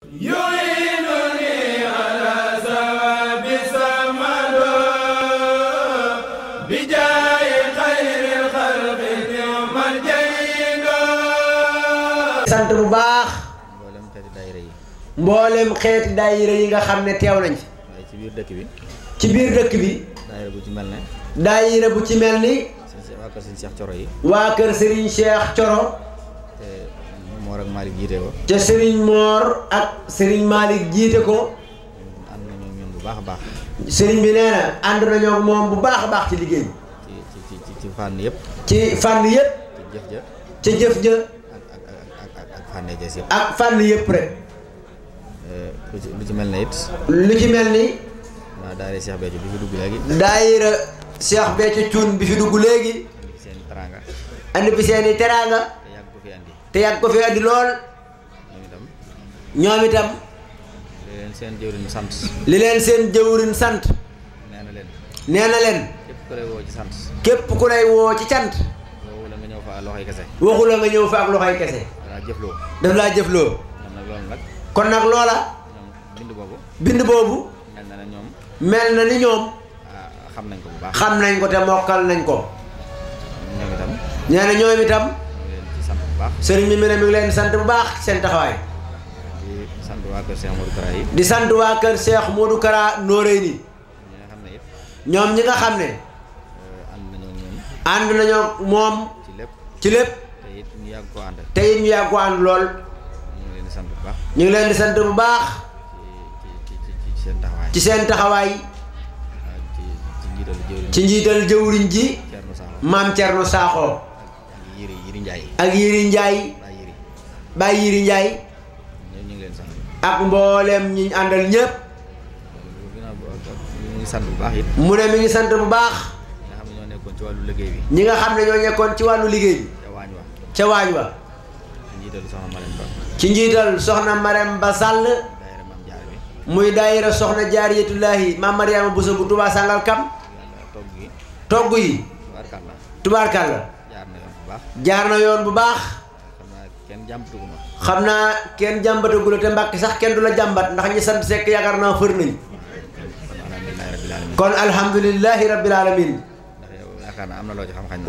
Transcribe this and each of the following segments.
sant bu baax mboolem xeeti daayira yi mboolem xeeti daayira yi nga xam ne teew nañ ci biir dëkk bi ci biir dëkk bi daayira bu ci mel ne daayira bu ci mel ni waa kër Serigne Cheikh Coro yi waa kër Serigne Cheikh Coro Mor ak Malick jiite ko. ca Serigne Mor ak Serigne Malick jiite ko. am nañoo bu baax a baax. Serigne bi na ànd nañoo moom bu baax a baax ci liggéey bi. ci fànn yëpp. ci fànn yëpp. ci jëf ja. ca jëf ja. ak ak ak fànn yëpp. rek. Eh, lu ci lu ci mel ne it. lu ci mel ni. waaw daayira Cheikh Béthio bi fi dugg léegi. daayira Cheikh Béthio Thioune bi fi dugg léegi. andi fi seen i teraanga. andi te yàgg ko fee andi lool. ñoom itam. li leen seen jëwriñ sant. li leen seen jëwriñ sant. nee na leen. nee na leen. képp ku lay woo ci sant. képp ku lay woo ci cant. waxu nga ñëw fa ak loxoy kese. la nga ñëw fa ak loxoy kese. daf laa jëfloo. daf laa jëfloo. kon nag loola. bind boobu. bind boobu. mel na ni ñoom. mel na ni ah, xam nañ ko bu baax. xam nañ ko te mokkal nañ ko. ñoom ñoom itam. baax. sëriñ bi mu ne mi ngi leen di sant bu baax seen taxawaay. sant waa kër Cheikh di sant waa kër Cheikh Modou Kara Nooré nii. ñoom ñi nga xam ne. Euh, ànd nañoo moom. ci lépp ci lépp. it ñu yàgg te it ñu yàgg lool. ñu ngi leen di sant ñu ngi leen di sant bu baax. ci ci seen taxawaay. ci seen ci njiital jëwriñ ji. maam Thierno Sakho. Ndiaye. ak Yiri Ndiaye. Baye Yiri Ndiaye. ak mboolem ñi ñu àndal ñëpp. mu ngi sant bu baax it. mu ngi sant bu baax. ñi nga xam ne ñoo nekkoon ci wàllu liggéey bi. ñi nga xam ne ñoo nekkoon ci wàllu liggéey bi. ca waañ wa. ca waañ wa. ci njiital soxna Marème Ba sàll muy daayira soxna jaariyatullaahi maam Mariama Bousso bu Touba Sangal Kam. togg yi. tubaarkàlla. jaar na jaar na yoon bu baax. xam naa kenn jàmbatagula te mbàkk sax kenn du la jàmbat ndax ñi sant sekk yaakaar naa fër nañ kon alhamdulilahi rabbil alamin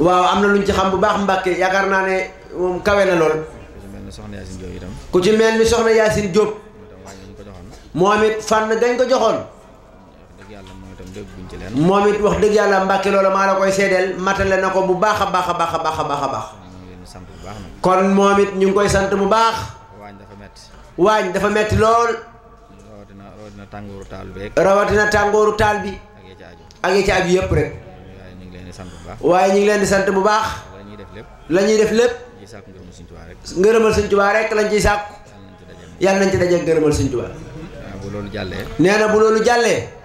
waaw am na luñ ci xam bu baax mbàkke yaakaar naa ne moom kawe na lool ku ci mel ni soxna Yaasin Jóob moom it fànn dañ ko joxoon moom it wax dëgg yàlla mbàkke loola maa la koy seedeel matale na ko bu baax a baax a baax a baax a baax a baax kon moom it ñu ngi koy sant bu baax waañ dafa metti waañ dafa metti lool rawatina tàngooru taal bi rawatina tàngooru taal bi ak ya ci aju yëpp rek waaye ñu ngi leen di sant bu baax la ñuy def lépp ngërëmal Sëñ Tuubaa rek lañ ciy sàkku yàlla nañ ci daje ngërëmal Sëñ Tuubaa nee na bu loolu jàllee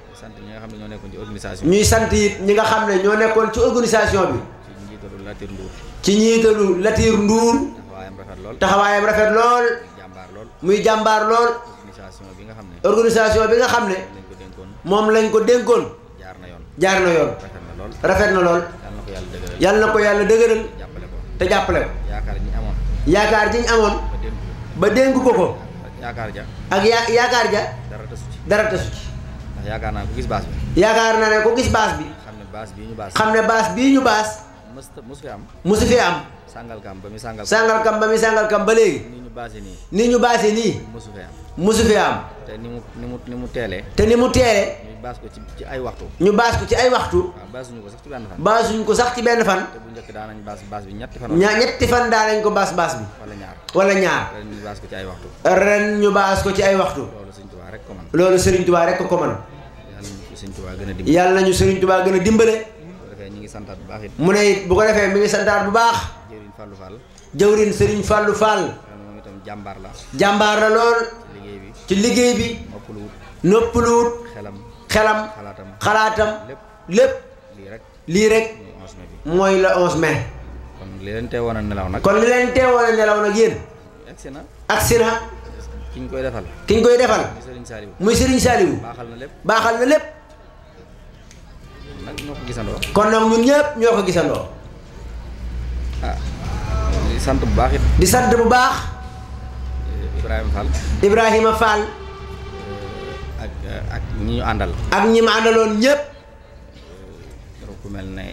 nekkoon ci organisation ñuy sant it ñi nga xam ne ñoo nekkoon ci organisation bi. ci njiitalu Latir Ndour. ci njiitalu Latir taxawaayam rafet lool taxawaayam lool. muy jàmbaar lool muy organisation bi nga xam ne. organisation bi nga xam ne. moom lañ ko dénkoon. jaar na yoon jaar na yoon. rafet na lool rafet na lool. yal na ko yàlla dëgëral. te jàppale ko. yaakaar ji ñu amoon. yaakaar ji ñu amoon. ba dénk ko ko. yaakaar ja. ak ya yaakaar ja. dara tasu ci dara tasu ci. yaakaar naa ne ku gis baas bi. yaakaar naa ne ku gis baas bi. xam ne baas bii ñu baas. xam ne baas ñu baas. mës mës am. mës fi am. ba muy sàngalkam. nii. ni ñu baase nii. mësu fi am. mësu ni mu mu ni mu te ni mu teelee. ñu baas ko ci ci ñu baas ko ci ay waxtu. waaw baasuñu ko sax ci daan nañ baas baas bi ñetti fan. ña ñetti fan daan nañ ko baas ko ci ay waxtu. ren ñu baas ko ci ay waxtu. loolu Serigne Touba rek ko ko ko sëriñ Tuubaa yàlla nañu sëriñ Tuubaa gën a dimbale. ngi santaat bu it. mu ne it bu ko defee mi ngi santaat bu baax. jëwriñ Fallou Fall. jëwriñ sëriñ Fallou Fall. moom itam jàmbaar la. jàmbaar la lool. ci liggéey bi. noppaluwut. xelam xelam. xalaatam lépp. lii rek. mooy la 11 mai. kon li leen teewoon a nelaw nag. kon li leen teewoon a nelaw nag yéen. agsi na agsi na. ki ñu koy defal. ki ñu koy defal. muy Serigne Saliou. muy Serigne Saliou. baaxal baaxal na lépp. ñoo ko gisandoo. kon nag ñun ñëpp ñoo ko gisandoo. Ah. di sant bu baax di sant bu baax. Ibrahima Fall. Ibrahima eh, eh, ak ñi àndal. ak ñi ma àndaloon ñëpp. Eh, ku mel ne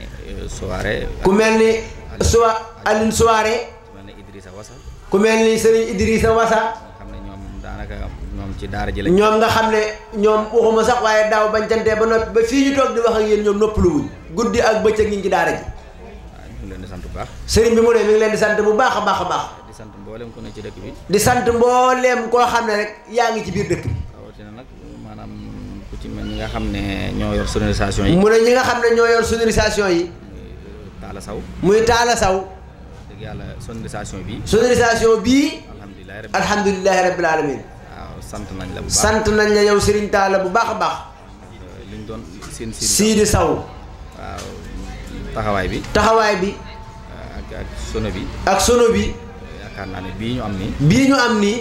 Souare. ku mel ni Soa Aline Souare. ku mel ni Idrissa Wassa. ku mel ni Serigne Idrissa Wassa. xam ñoom daanaka. ñoom ci daara ji lañ. ñoom nga xam ne ñoom waxuma sax waaye daaw bañ cantee ba noppi ba fii ñu toog di wax ak yéen ñoom noppalu wuñ guddi ak bëccëg ñu ngi ci daara ji. waaw ah, ñu leen di sant bu baax. sëriñ bi mu ne mi ngi leen di sant bu baax a baax a baax. di sant mboolem ku ne ci dëkk bi. di sant mbooleem koo xam ne rek yaa ngi ci biir dëkk bi. rawatina nag maanaam ku ci nga xam ne ñoo yor sonorisation yi. mu ne ñi nga xam ne ñoo yor sonorisation yi. Taala Saw. muy Taala Saw. dëgg yàlla sonorisation bi. sonorisation bii. alhamdulilah alhamdulilah rabbil alamin sant nañ la bu baax sant nañ la yow Serigne Talla bu baax a baax. Euh, li ñu doon seen Sidi Saw waaw taxawaay bi. taxawaay bi. Euh, ak sono bi. ak sono bi. Euh, yaakaar bii ñu am nii. bii ñu am nii.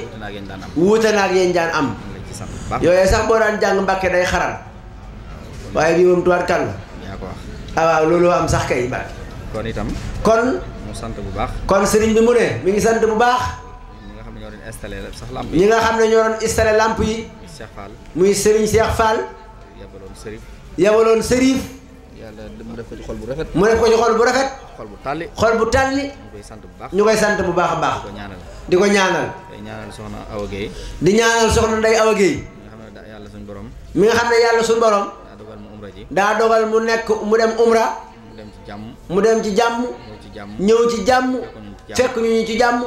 wuute naag yéen daan am wuute naag yéen daan am. yooyu sax boo daan jàng mbàkke day xaral. waaye bii moom tuwaat kan ah, waaw loolu am sax kay mbàkke. kon sëriñ bi mu ne mi ngi sant bu baax. installé sax lamp yi. ñi nga xam ne ñoo doon installé lamp yi. Cheikh Fall. muy Serigne Cheikh Fall. yabaloon Serif. yabaloon Serif. yàlla mu def ko ci xol bu rafet. mu def ko ci xol bu rafet. xol bu tàlli. bu tàlli. ñu koy sant bu baax ñu koy sant bu baax a baax. di ko ñaanal di ko ñaanal. di ñaanal soxna Awa Guèye. di ñaanal soxna Ndeye Awa Guèye. mi nga xam ne yàlla suñ borom. mi nga xam ne yàlla suñu borom. daa dogal mu umra ji. daa dogal mu nekk mu dem umra. mu dem ci jàmm. mu dem ci jàmm. ci jàmm. ñëw ci jàmm. fekk ñu ñu ci jàmm.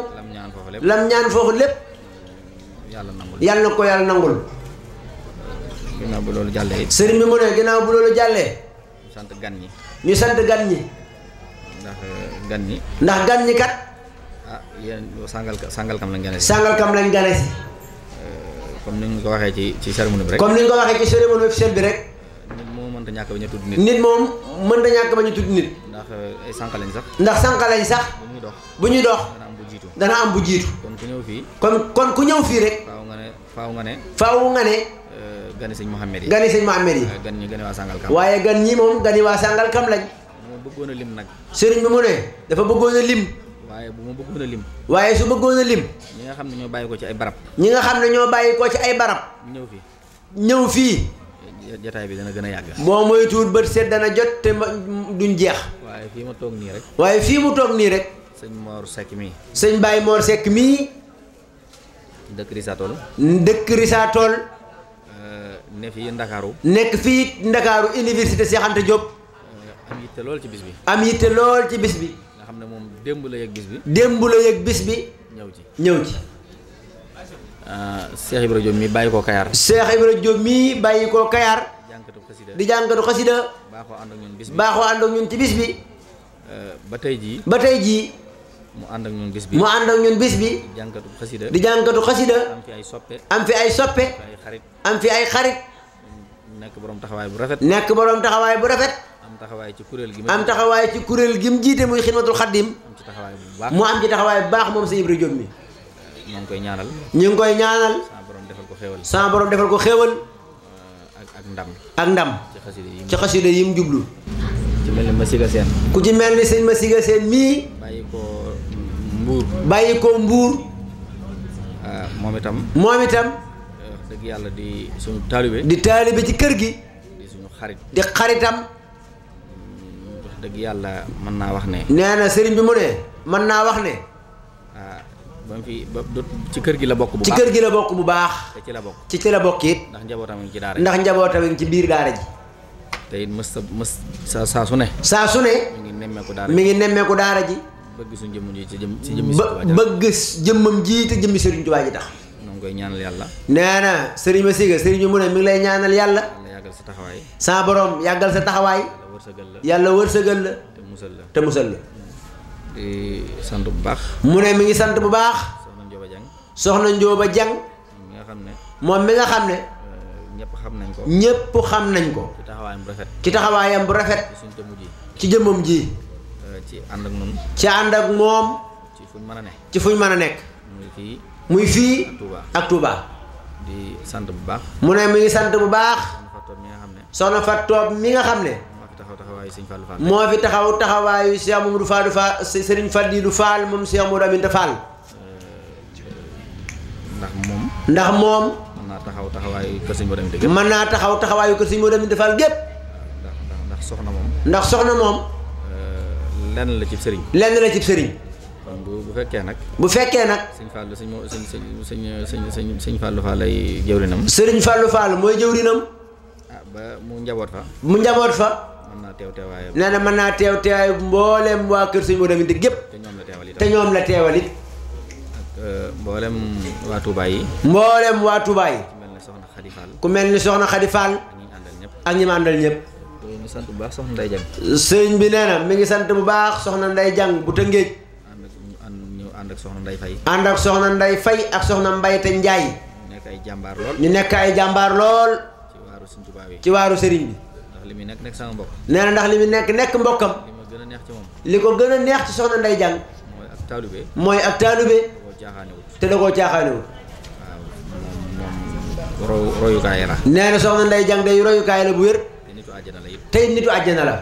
lam ñaan foofu lépp. yàlla nangul yàlla na ko yàlla nangul. ginnaaw bu loolu jàllee it. sëriñ bi mu ne ginnaaw bu loolu jàllee. sant gan ñi. ñu sant gan ñi. ndax euh, gan ñi. ndax gan ñi kat. ah yéen sàngal sàngal kam lañ gane si. sàngal kam lañ gane si. Euh, comme ni ñu ko waxee ci ci cérémonie bi rek. comme ni ñu ko waxee ci cérémonie officielle bi rek. nit moom mënta ñàkk ba nit. nit moom mënta ñàkk ba ñu tudd nit. ndax euh, ay sànq lañ sax. ndax sànq sax. bu ñuy dox. jiitu dana am bu jiitu. kon ku ñëw fii. kon rek. faaw nga ne faaw nga ne. faaw nga ne. Euh, gani sëñ Mouhamed yi gani sëñ Mouhamed yi. gan ñi gani waa Sàngal Kam. waaye gan ñi moom gani waa Sàngal Kam lañ. mu bëggoon a lim nag. sëriñ bi mu ne dafa bëggoon a lim. waaye bu ma bëggoon a lim. waaye su bëggoon a lim. ñi nga xam ne ñoo bàyyi ko ci ay barab. ñi nga xam ne ñoo bàyyi ko ci ay barab. ñëw fii. ñëw fii. jataay bi dana gën a yàgg. boo moytuwul bët set dana jot te duñ jeex. waaye fii mu toog nii toog nii rek. sëñ Mor Seck mii. sëñ Baye Mor Seck mii. dëkk saa tool Risatol. Euh, ne fii Ndakaaru. nekk fii Ndakaaru université Cheikh Anta Diop. Euh, am yitte lool ci bis bi. am yitte lool ci bis bi. nga xam ne moom démb la yëg bis bi. démb la yëg bis bi. ñëw ci ñëw ci. Euh, Cheikh Ibra Diop mii bàyyi ko Kayar. Cheikh Ibra Diop mii bàyyi ko Kayar. di jànkatu xasida. baaxoo ànd ak ñun bis bi baaxoo ànd ci bis bi. ba tey jii. ba tey jii. mu ànd ak ñun bis bi mu ànd ak ñun di jànkatu xasida am fi ay soppe am fi ay xarit. nekk boroom taxawaay bu rafet. nekk borom taxawaay bu rafet. am taxawaay ci kuréel gi. am taxawaay ci kuréel gi mu jiite muy xidmatul xaddim. am ci taxawaay bu baax mu am ci taxawaay bu baax moom sa Ibra Diop mi. ñu ngi koy ñaanal. ñu ngi koy ñaanal. sama boroom defal ko xéewal. sama defal ko xéewal. Uh, ak ak ndam. ak ndam ci xasida yi mu jublu. ku ci mel ni Masiga Seen. ku ci mel ni sëñ Masiga Seen mii. mbuur bàyyi ko mbuur ah, moom itam moom itam eh, dëgg yàlla di suñu taalibe di taalibe ci kër gi di suñu xarit di xaritam mm, dëgg yàlla mën naa wax ne nee na sëriñ bi mu ne mën naa wax ne ah, ba mu fi ba ci kër gi la bokk bu baax ci kër gi la bokk bu baax. te ci la bokk ci ci la bokk it. ndax njabootam ngi ci daara ndax njabootam ngi ci biir daara ji. te mës sa mës sa saa su ne. saa su ne. mi ngi nemmeeku daara daara ji. bëgg suñu jëmm ji ci jëm bëgg jëmmam ji te jëmmi Serigne Touba ji tax. ñoo ngi koy ñaanal yàlla. nee na Serigne Massiga Serigne mu ne mi ngi lay ñaanal yàlla. yàlla yàggal sa taxawaay. sa borom yàggal sa taxawaay. yàlla wërsëgal la. te musal la te musal la. di bu baax. mu ne mi ngi sant bu baax. soxna Ndioba Dieng. soxna Ndioba Dieng. moom mi nga xam ne. moom mi xam ne. Euh, ñëpp xam nañ ko. ñëpp xam nañ ko. ci taxawaayam bu rafet. ci jëmmam ji. ci ànd ak moom. ci ànd ak moom. ci fuñ mën a nekk. ci fuñ mën a nekk. muy fii. muy fii ak Touba. di sant bu baax. mu ne mi ngi sant bu baax. soxna Fatou Toob mi nga xam ne. moo fi taxaw taxawaayu Cheikh Mamadou Fadou Fall Serigne Fadilou Fall moom Cheikh Mamadou Aminta Fall. Euh, ndax moom. ndax moom. mën naa taxaw taxawaayu kër Serigne Modou Aminta gépp. mën naa taxaw taxawaayu kër Serigne Modou Aminta Fall gépp. ndax soxna moom. ndax soxna moom. lenn la cib sëriñ. lenn la cib sëriñ. bu bu fekkee nag. bu fekkee nag. sëñ Fallou sëñ moo sëñ sëñ sëñ sëñ Fallou Fall ay jëwrinam. sëriñ Fallou Fall mooy jëwrinam. ah ba mu njaboot fa. mu njaboot fa. mën naa teew teewaayu. nee na mën naa teew teewaayu mboolem waa kër sëñ Modou Aminta gépp. te ñoom la teewal it la teewal euh, mboolem waa yi. mboolem waa Touba yi. ku mel ni soxna Xadi Fall. ku mel ni soxna Xadi Fall. ak ñi ma àndal ñëpp. mu ngi sant bu baax soxna Ndeye Diagne. sëñ bi nee na mi ngi sant bu baax soxna Ndeye Diagne bu Tëngéej. ñu ànd ak soxna Ndeye fay ànd ak soxna Ndeye Faye ak soxna Mbayte Ndiaye. ñu nekk ay jàmbaar lool. ñu nekk ay jàmbaar lool. ci waaru sëñ bi ci waaru sëriñ bi. ndax li muy nekk nekk sama mbokk. nee ndax li mu nekk nekk mbokkam. li ma gën a neex ci moom. li ko gën a neex ci soxna Ndeye Diagne. mooy ak taalube. mooy ak taalube. te da koo caaxaanewut. royu royukaay la. nee soxna Ndeye Diagne day royukaay la bu wér. tey nitu àjjana la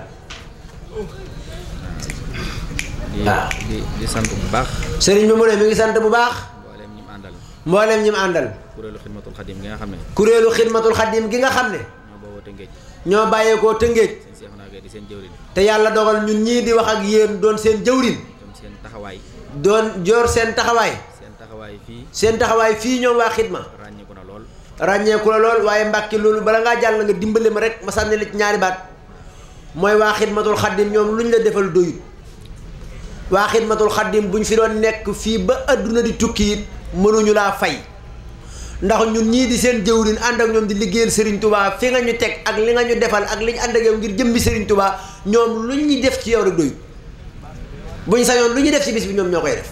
waaw di sant bu baax sëriñ bi mu ne mi ngi sant bu baax mbooleem ñi mu àndal mbooleem ñi mu àndal kuréelu xidmatul xadim gi nga xam ne kuréelu xidmatul xadim gi nga xam ne ñoo booboo tëngéej ñoo bàyyeekoo tëngéej di seen jëwrin te yàlla doxal ñun ñii di wax ak yéen doon seen jëwrin doon seen taxawaay joor seen taxawaay seen seen taxawaay fii ñoom waa xidma ràññeeku la lool waaye mbàkke loolu bala ngaa jàll nga dimbale ma rek ma sànni la ci ñaari baat mooy waa xidmatul xaddim ñoom lu ñu la defal doyut waa xidmatul xaddim buñ fi doon nekk fii ba àdduna di tukki it mënuñu laa fay ndax ñun ñii di seen jëw jëwriñ ànd ak ñoom di liggéeyal sëriñ Touba fi nga ñu teg ak li nga ñu defal ak li ñu ànd ak yow ngir jëmbi Serigne Touba ñoom lu ñuy def ci yow rek doyut buñ sañoon lu ñu def ci bis bi ñoom ñoo koy def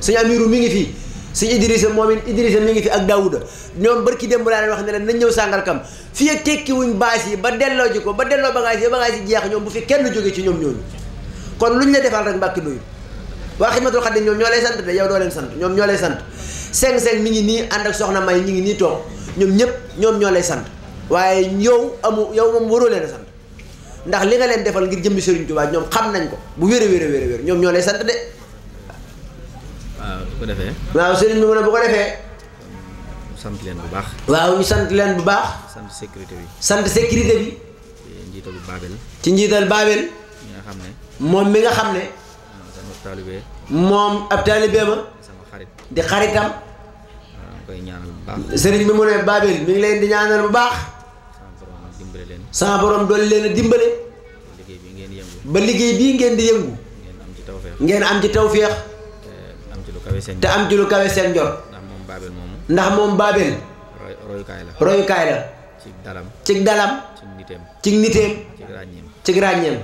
suñu mi ngi fii suñu Idrissa moom it Idrissa ngi fi ak Daouda ñoom barki dem bu laa leen wax ne leen nañ ñëw Sàngalkam fii ak tekki wuñ baas yi ba delloo ji ko ba delloo bagage yi bagage yi jeex ñoom bu fi kenn jóge ci ñoom ñooñu kon lu luñ la defal rek mbàkki doyu waa Xidmatul Xaadim ñoom ñoo lay sant de yow doo leen sant ñoom ñoo lay sant seng seng mi ngi nii ànd ak soxna may ñi ngi nii toog ñoom ñëpp ñoom ñoo lay sant waaye yow amu yow moom waroo leen sant ndax li nga leen defal ngir jëmbi Sëriñ Tuubaa ñoom xam nañ ko bu wér a wér a ñoom ñoo lay sant de ko defee. waaw sëriñ bi mu ne bu ko defee. sant leen bu baax. waaw ñu sant leen bu baax. sant sécurité bi. sant sécurité bi. ci njiital Babel. ci njiital Babel. nga xam ne. moom mi nga xam ne. sama taalibe. moom ab taalibe ma. sama xarit. di xaritam. koy ñaanal bu baax. sëriñ bi mu ne Babel mi ngi leen di ñaanal bu baax. sama borom doon leen a dimbale. ba liggéey bii ngeen di yëngu. ngeen am ci tawféex. ngeen am ci tawféex. te am ci lu kawe seen njort. ndax moom Baabel moomu. ndax moom Baabel. royukaay la royukaay la. ci dalam ci dalam. ci niteem ci niteem. ci ràññeem ci ràññeem.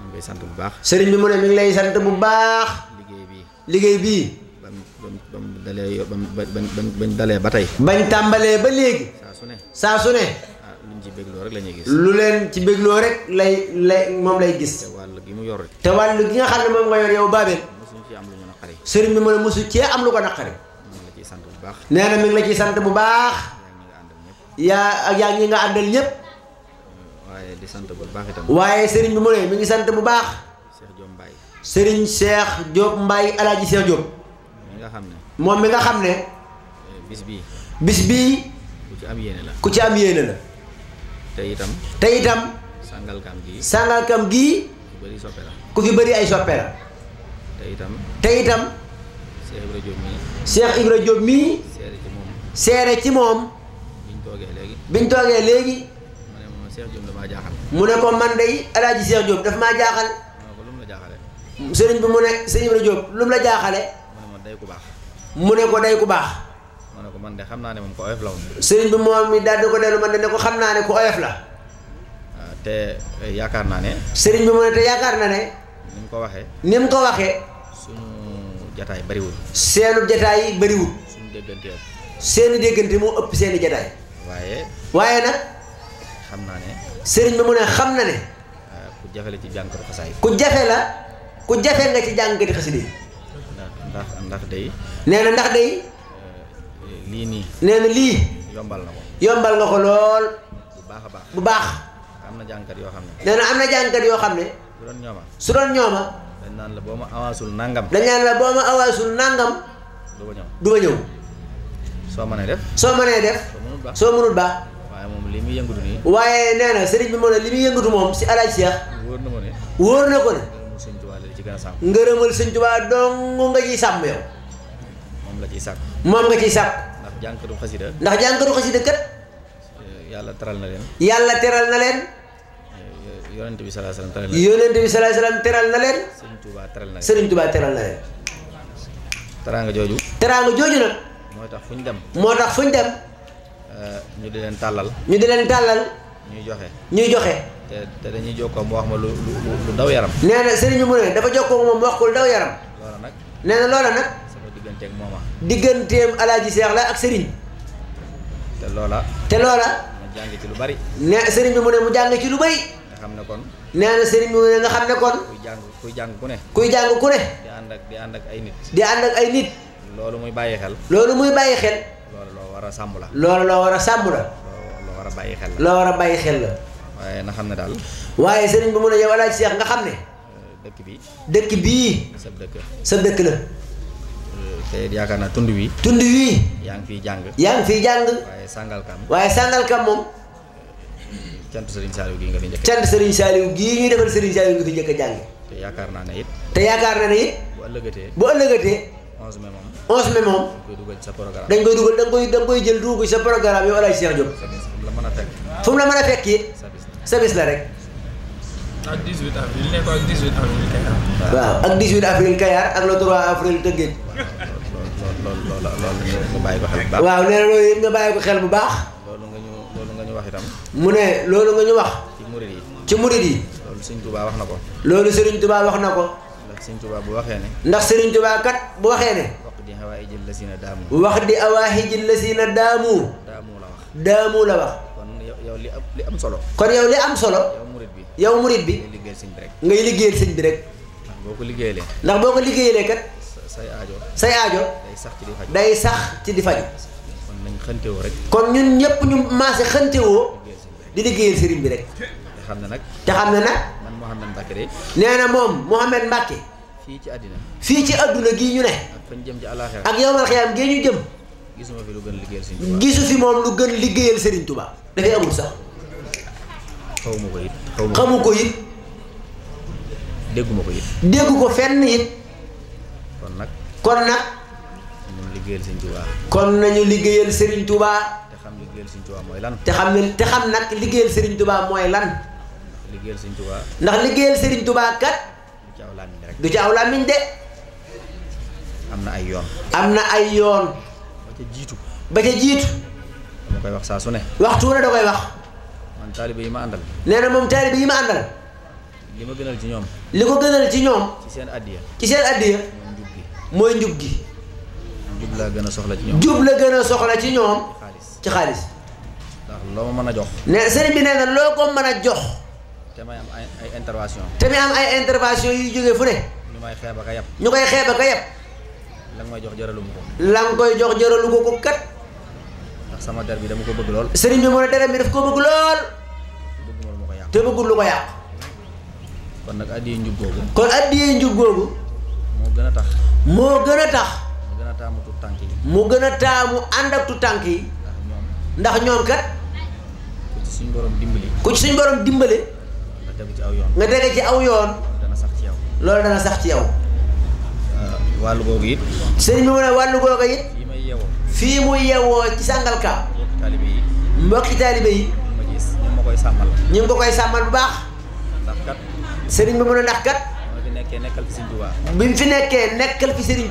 mu ngi sant bu baax. sëriñ bi mu ne mi ngi lay sant bu baax. liggéey bii liggéey bii. ba mu dalee ba mu ba mu dalee ba tey. bañ tàmbalee ba léegi. saa su ne saa ah, ci bégloo rek la ñuy gis. lu leen ci bégloo rek lay lay moom lay gis. te mu yor te wàll gi nga xam ne moom nga yor yow Baabel. sëriñ bi mu ne mosu cee am lu ko naqari. nee na mi ngi la ciy sant bu baax. yaa ak yaa ngi nga àndal ñëpp. Mm, waaye di sant bu baax itam. waaye sëriñ bi mu ne mi ngi sant bu baax. sëriñ Cheikh Diop Mbaye alaaji Cheikh Diop. moom mi nga xam ne. Eh, bis bii. bis bii. ku ci am yéene la. ku ci am yéene la. te itam. te itam. sàngalkam gii. sàngalkam gii. ku fi ku fi bëri ay soppe la. te itam. te itam. Cheikh Ibra Diop mii. Cheikh Ibra seere ci moom. seere ci moom. biñ toogee léegi. biñ toogee léegi. mu ne ma Cheikh dafa mu ne ko man day El Hadj Cheikh Diop daf maa jaaxal. sëriñ bi mu ne sëriñ Ibra lu la jaaxale. mu ne ku baax. mu ne ko day ku baax. mu ne ko man de xam naa ne moom ko oyof la sëriñ bi moom mi daal di ko dellu man de ne ko xam naa ne ku oyof la. Ah, te eh, yaakaar naa ne. sëriñ bi mu ne te yaakaar na ne. ni mu ko waxee. ni mu ko waxee. jataay bariwul seenu jataay yi bariwul suñu déggante seenu déggante moo ëpp seeni jataay waaye waaye nag xam naa ne sëriñ bi mu ne xam na ne ah, ku jafe la ci jàngkatu xasaay ku jafe la ku jafe nga ci jàngkati xasida yi ndax ndax day nee na ndax day eh, lii nii nee na lii yombal ko yombal nga ko lool bu baax a baax bu baax am na jàngkat yoo xam ne nee na am na jàngkat yoo xam ne su doon ñooma su doon ñooma dañ naan la boo ma awaasul nangam. dañ la boo ma awaasul nangam. du ma ñëw du ma ñëw. soo mënee def. soo mënee def. soo mënut baax soo waaye moom li muy yëngatu nii. waaye nee na sëriñ bi li muy yëngatu moom si alaaj Seex. wóor na ko ne. wóor na ko ne. ngërëmal sëñ Tuubaa dong nga ciy sàmm yow. moom la ciy sàkk. moom nga ciy sàkk. ndax jànkatu xasida. ndax jànkatu xasida kat. yàlla teral na leen. yàlla teral na leen. yonent bi sallallahu alayhi wasallam teral bi sallallahu alayhi teral na leen. Serigne Touba teral na leen Serigne Touba teral na leen. teraanga jooju. teraanga jooju nag. moo tax fu ñu dem. moo tax fu ñu dem. ñu di leen tàllal. ñu di leen tàllal. ñuy joxe. ñuy joxe. te te dañuy jokkoo mu wax ma lu lu lu daw yaram. nee na Serigne mu ne dafa jokkoo moom wax ko lu daw yaram. loola nag. nee na loola nag. sama digganteeg mooma. digganteem Alaaji Seex la ak Serigne. te loola. te loola. mu jàng ci lu bari. ne xam ne kon. nee na sëriñ bi ne nga xam ne kon. kuy jàng kuy jàng ku ne. kuy jàng ku ne. di ànd ak di ànd ak ay nit. di ànd ak ay nit. loolu muy bàyyi xel. loolu muy bàyyi xel. loolu loo war a sàmm la. loolu loo war a sàmm la. loo war a bàyyi xel la. loo war a bàyyi xel la. waaye na xam ne daal. waaye sëriñ bi mu ne yow Alaaji Seex nga xam ne. Eh, dëkk bii. dëkk bii. sa dëkk sa dëkk la. Eh, te yaakaar naa tund wi. tund wi. yaa ngi fiy jàng. yaa ngi fiy jàng. waaye sàngalkam. waaye sàngalkam moom. cant Serigne Saliou gii nga ñuy defal Serigne Saliou nga fi njëkk a jàng te yaakaar naa ne te yaakaar naa ne bu ëllëgatee bu ëllëgatee onze mai moom onze mai moom dañ koy dugal da nga koy da nga koy jël dugal ko sa programme yow alaaj Cheikh Diop fu la mën a fekk it sa bis la rek ak 18 avril nekk ak 18 avril Kayar ak loolu loolu loolu loolu loolu nga bàyyi ko xel bu baax mu ne loolu nga ñu wax. ci murid yi ci murid yi. loolu Serigne Touba wax na ko. loolu Serigne Touba wax na ko. ndax Serigne Touba bu waxee ne. ndax Serigne Touba kat bu waxee ne. wax di awaahijil la siina daamu. wax di awaahijil la siina daamu. daamu la wax. daamu la wax. kon yow li am li am solo. kon yow am solo. yow bi yow murid bi. ngay liggéeyal sëñ bi rek. ngay liggéeyal sëñ bi ndax boo ko liggéeyalee. ndax boo ko liggéeyalee kat. say aajo. say aajo. day sax ci di faju. day di faju. kon nañ xëntewoo rek. ñun ñëpp ñu maase xëntewoo di liggéeyal sëriñ bi rek. te xam ne nag. te xam ne nag. man Mouhamed Mbacke de. nee na moom Mouhamed Mbacke. fii ci àddina. fii ci àdduna gii ñu ne. ak fañ jëm ci alaaxira. ak yowmal xiyaam ñu jëm. gisuma fi lu gën liggéeyal sëriñ Touba. gisu lu gën liggéeyal sëriñ Touba. dafay amul sax. xaw ko it. xamu ko it. déggu ma ko it. déggu ko fenn it. kon nag. kon nag. kon nañu liggéeyal sëriñ Touba. liggéeyal Serigne Touba mooy lan. te xam ne te xam nag liggéeyal Serigne Touba mooy lan. liggéeyal Serigne Touba. ndax liggéeyal Serigne Touba kat. du ci aw làmmiñ rek du ci aw làmmiñ de. am na ay yoon. am na ay yoon. ba ca jiitu. ba ca jiitu. dama saa su ne. waxtu wu ne da koy wax. man taalibe yi ma àndal. nee moom taalibe yi ma àndal. li ma gënal ci ñoom. li ko gënal ci ñoom. ci seen addiya. ci seen addiya. mooy njub gi. jub la gën a soxla ci ñoom. gën a soxla ci ñoom. ci xaalis. ndax loo ma mën a jox. ne sëriñ bi nee loo ko mën a jox. te may am ay ay intervention. te may am ay intervention yu jógee fu ne. ñu may xeeb ak a yab. ñu koy xeeb ak a yab. la may jox jëralu ko. la nga koy jox jaralu ko ko kat. sama der bi dama ko bëgg lool. sëriñ bi mu ne bi daf ko bëgg lool. bëgguma lu ko yàq. te bëggul lu ko yàq. kon nag addiyee njub googu. kon addiyee njub googu. moo gën a tax. moo gën a tax. mu gën a taamu tànk yi. mu gën a taamu ànd ak tu tànk yi. ndax ñoom kat. ku ci suñ borom dimbali. ku suñ borom dimbali. nga tegu ci aw yoon nga tegu ci aw yoon. dana sax ci yow. loolu dana sax ci yow. Euh, wàllu googu it. sëñ bi mu ne wàllu googu it. fii muy yeewoo. fii muy yeewoo ci Sangalkam. mbokki taalibe yi. mbokki taalibe yi. ma gis ñu ngi koy sàmmal. ko koy sàmmal bu baax. ndax kat. sëriñ bi mu ne ndax kat. bi mu fi nekkee nekkal fi sëriñ Tuubaa. fi nekkee nekkal fi sëriñ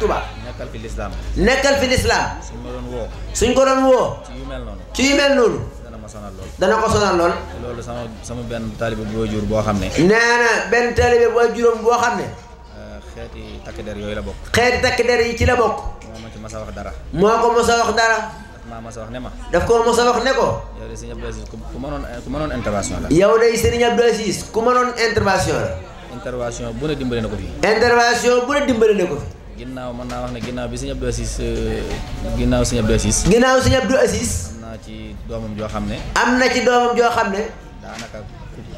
nekkal fi lislaam nekkal fi lislaam suñ ko doon woo suñ ko doon woo ci yu mel noonu ci yu mel noonu dana ma sonal lool dana ko sonal lool loolu sama sama benn taalibe bu waajur boo xam ne nee na benn taalibe bu waajuram boo xam ne euh, xeeti takk der yooyu la bokk xeeti takk der yi ci la bokk moo ma ci ma a wax dara moo ko mas a wax dara maa mos a wax ne ma. def koo mos a wax ne ko. yow de Serigne Abdou Aziz ku mënoon ku mënoon intervention la. yow de Serigne Abdou Aziz ku mënoon intervention la. intervention bu ne dimbale na ko fi. intervention bu ne dimbale na ko ginnaaw mën naa wax ne ginnaaw bi sëñ Abdou Assis euh, ginnaaw sëñ Abdou Assis. ginnaaw sëñ Abdou Assis. am na ci doomam joo xam ne. am na ci doomam joo xam ne. daanaka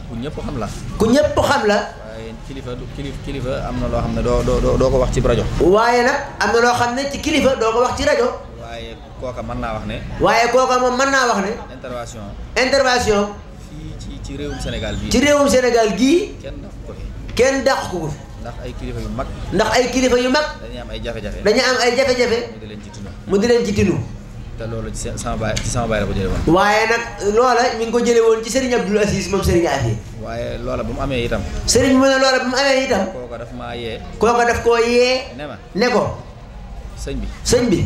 ku ñëpp xam la. ku ñëpp xam la. waaye kilifa kilifa kilifa am na loo xam ne doo doo doo ko wax ci rajo. waaye nag am na loo xam ne ci kilifa doo ko wax ci rajo. waaye kooka mën naa wax ne. waaye kooka moom mën naa wax ne. intervention. intervention. fii ci ci réewum Sénégal gii. ci réewum Sénégal gii. kenn dàq ko fi. kenn dàq ko fi. ndax ay kilifa yu mag. ndax ay kilifa yu mag. dañuy am ay jafe-jafe. dañuy am ay jafe-jafe. mu di leen ci tinu. mu di leen ci tinu. te loolu ci sama baay ci sama baay la ko jëlee woon. waaye nag loola ñu ngi ko jëlee woon ci Serigne Abdoul Aziz moom Serigne Afi. waaye loola bu mu amee itam. Serigne mu ne loola bu mu amee itam. kooka daf maa yee. ko daf koo yee. ne ma ne ko. sëñ bi sëñ bi.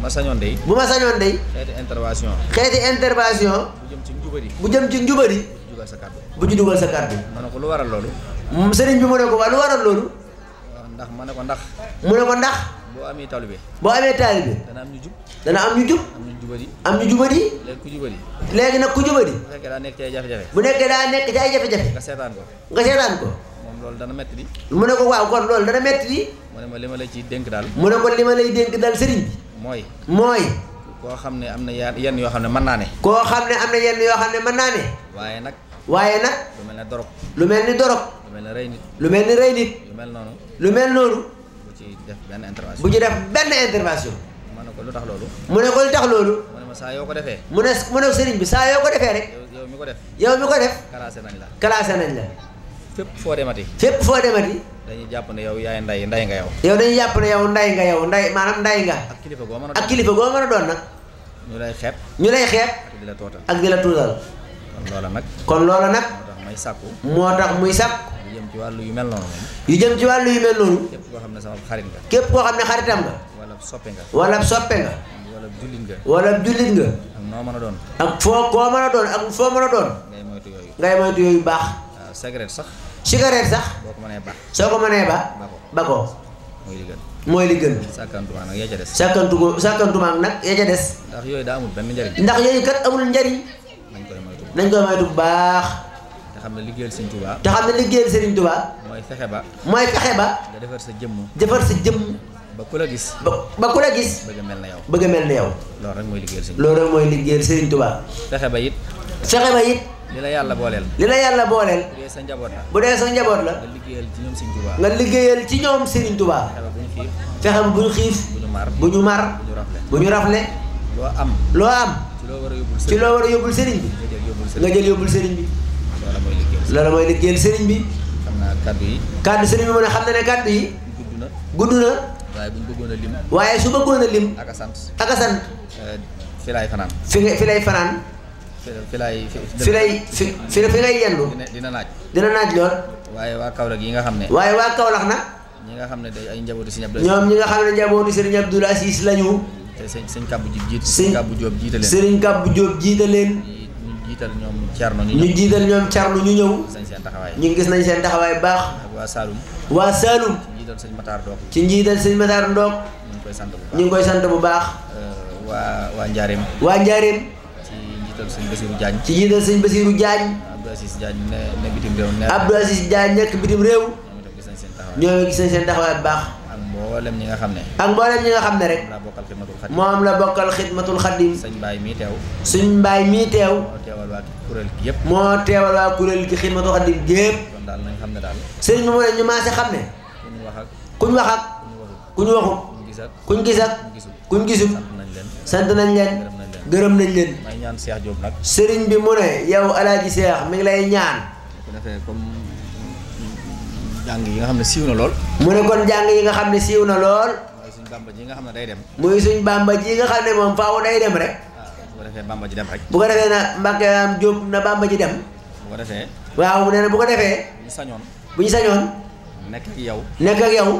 ma sañoon day. bu ma sañoon day. xeeti intervention. xeeti intervention. bu jëm ci njubadi. bu jëm ci njubadi. dugal sa kàddu. bu ci dugal sa kàddu. ma ne ko lu waral loolu. Mm, sëriñ bi mu ne ko waa lu waral loolu. Ah, ndax ma ne ko ndax. mu ne ko ndax. boo amee taalibe. boo amee taalibe. dana am ñu jub. dana am ñu jub. am ñu jubadi. ku jubadi. léegi nag ku jubadi. bu nekkee daa nekk ci ay jafe-jafe. bu nekkee daa nekk ci ay jafe-jafe. nga seetaan ko. nga seetaan ko. moom loolu dana metti di. mu ne ko waaw kon loolu dana metti di. ma li ma lay ciy dénk daal. mu ne ko li ma sëriñ bi. mooy. mooy. koo xam ne am na yenn yoo xam ne mën naa ne. koo xam ne am na yenn yoo xam ne mën naa ne. waaye nag. waaye nag. lu mel ne dorog. lu mel ni dorog. lu mel ni rey nit. lu mel ni rey nit. lu mel noonu. lu mel noonu. bu ci def benn intervention. bu ci def benn intervention. mu ne ko lu tax loolu. mu ne ko lu tax loolu. mu ne ma saa yoo ko defee. mu ne mu ne sëriñ bi saa yoo ko defee rek. yow mi ko def. yow mi ko def. classé nañ la. classé nañ la. fépp foo demati. fépp foo demati. dañuy jàpp ne yow yaay nday nday nga yow. yow dañuy jàpp ne yow nday nga yow nday maanaam nday nga. ak kilifa goo mën a doon ak kilifa goo mën a doon nag. ñu lay xeeb. ñu lay xeeb. ak di la tuutal. kon loola nag. kon loola nag. moo tax muy sàkku. moo tax muy sàkku. yu jëm ci wàllu yu mel noonu. yu jëm ci wàllu yu mel noonu. képp koo xam ne sama xarit nga. képp koo xam ne xaritam nga. wala soppe nga. wala soppe nga. wala jullit wala jullit nga. ak noo mën a doon. ak foo koo mën a doon ak mën a doon. ngay moytu yooyu. ngay moytu baax. waaw cigarette sax. cigarette sax. boo ko mënee baax. soo ko mënee baax. ba ko mooy li gën. mooy li gën. sàkkantumaan nag yaa ca des. sàkkantu ko sàkkantumaan nag yaa ca des. ndax yooyu daa amul benn njariñ. ndax yooyu kat amul njariñ nañ koy moytu bu baax. te xam ne liggéeyal Serigne Touba. te xam ne liggéeyal Serigne Touba. mooy fexe ba. mooy fexe ba. nga defar sa jëmm. defar sa jëmm. ba ku la gis. ba ba ku la gis. bëgg mel na yow bëgg a mel na yow. loolu rek mooy liggéeyal Serigne. loolu rek mooy liggéeyal Serigne Touba. fexe ba it. fexe ba it. li la yàlla booleel. li la yàlla booleel. bu dee sa njaboot la. bu dee sa njaboot la. nga liggéeyal ci ñoom Serigne Touba. nga liggéeyal ci ñoom Serigne Touba. fexe ba bu ñu xiif. bu ñu mar bu ñu mar. bu ñu rafle. loo am loo am. ci loo war a yóbbul sëriñ bi nga jël yóbbul sëriñ bi loolu mooy liggéeyal sëriñ bi xam naa kàddu yi kàddu sëriñ bi mu ne xam na ne kàddu yi gudd na gudd na waaye bëggoon a waaye su bëggoon lim ak a sant ak a sant fi laay fanaan fi nga fi lay fanaan fi lay fi fi ngay yendu dina naaj dina naaj lool waaye waa Kaolack yi nga xam ne waaye waa Kaolack na ñi nga xam ne day ay njabootu Serigne Abdoul Aziz ñoom xam ne njabootu Serigne Abdoul lañu te sëñ sëñ Kàbbu ji jiit sëñ Kàbbu Jóob jiite leen sëriñ Kàbbu Jóob jiite leen ñu jiital ñoom Cerno ñu ñu jiital ñoom Cerno ñu ñëw gis nañ seen taxawaay ñu gis nañ seen taxawaay baax waa Saalum waa Saalum ci njiital sëñ Mataar Ndoog ci njiital sëñ Mataar Ndoog ñu ngi koy sant bu baax ñu ngi koy sant bu baax euh, waa waa Njaareem waa Njaareem ci njiital sëñ Basiiru Jaañ ci njiital sëñ Basiiru Jaañ Abdou Aziz réew Abdou Aziz Jaañ nekk bitim réew ñoom gis nañ seen taxawaay bu baax mboolem ñi nga xam ne ak mboolem ñi nga xam ne rek la bokkal xidmatul xadim moom la bokkal xidmatul xadim sëñ mbaay mii teew sëñ mbaay mii teew moo teewal waa kuréel gi yëpp moo teewal waa kuréel gi xidmatul xadim gi yëpp kon nañ xam ne daal sëñ bi mu ne ñu xam ne kuñ wax ak kuñ wax ak kuñ waxut kuñ gis ak kuñ gisul sant nañ leen gërëm nañ leen may ñaan Cheikh Diop nag sëriñ bi mu ne yow alaaji Cheikh mi ngi lay ñaan bu defee comme jàng yi nga xam ne siiw na lool mu ne kon jàng yi nga xam ne siiw na lool mooy suñ nga xam ne day dem muy suñ bàmba ji nga xam ne moom faaw day dem rek ah, bu ko defee bàmba ji dem bu ko defee na Mbàkke am Jóob na bàmba ji dem bu ko defee waaw nee na bu ko defee bu ñu sañoon bu ñu sañoon nekk yow nekk ak yow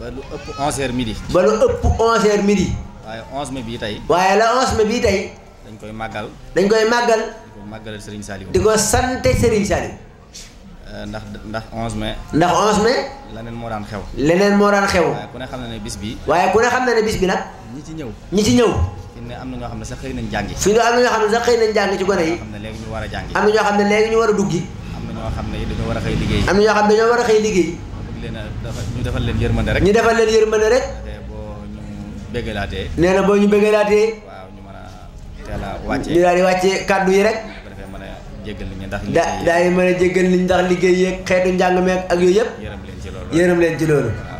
ba lu ëpp onze heures midi ba lu ëpp onze heures midi waaye onze mai bii tey waaye la onze mai bii tey dañ koy màggal dañ koy màggal di ko màggalal Serigne Saliou di ko sante Serigne Saliou Euh, ndax ndax 11 mai. ndax 11 mai. leneen moo daan xew. leneen moo daan xew. waaye ku ne xam na ne bis bi. waaye ku ne xam na ne bis bi nag. ñi ci ñëw ñi ci ñëw. fi ne am na ñoo xam ne sax xëy nañ jàngi. fi ne am na ñoo xam ne sax xëy nañ jàngi ci gone yi. am na a jàngi. ñoo xam ne léegi ñu war a duggi. am na ñoo xam ne dañoo war a xëy liggéey. am na ñoo xam ne dañoo war a xëy liggéey. ñu defal leen yërmande rek. ñu defal leen yërmande rek. boo ñu boo ñu bëggalaatee. waaw ñu a a wàccee. ñu daal jéggal nit ñi ndax liggéey daa daa mën a jéggal nit ñi ndax liggéey xeetu njàng meek ak yooyu yëpp. yërëm leen ci loolu leen ci loolu.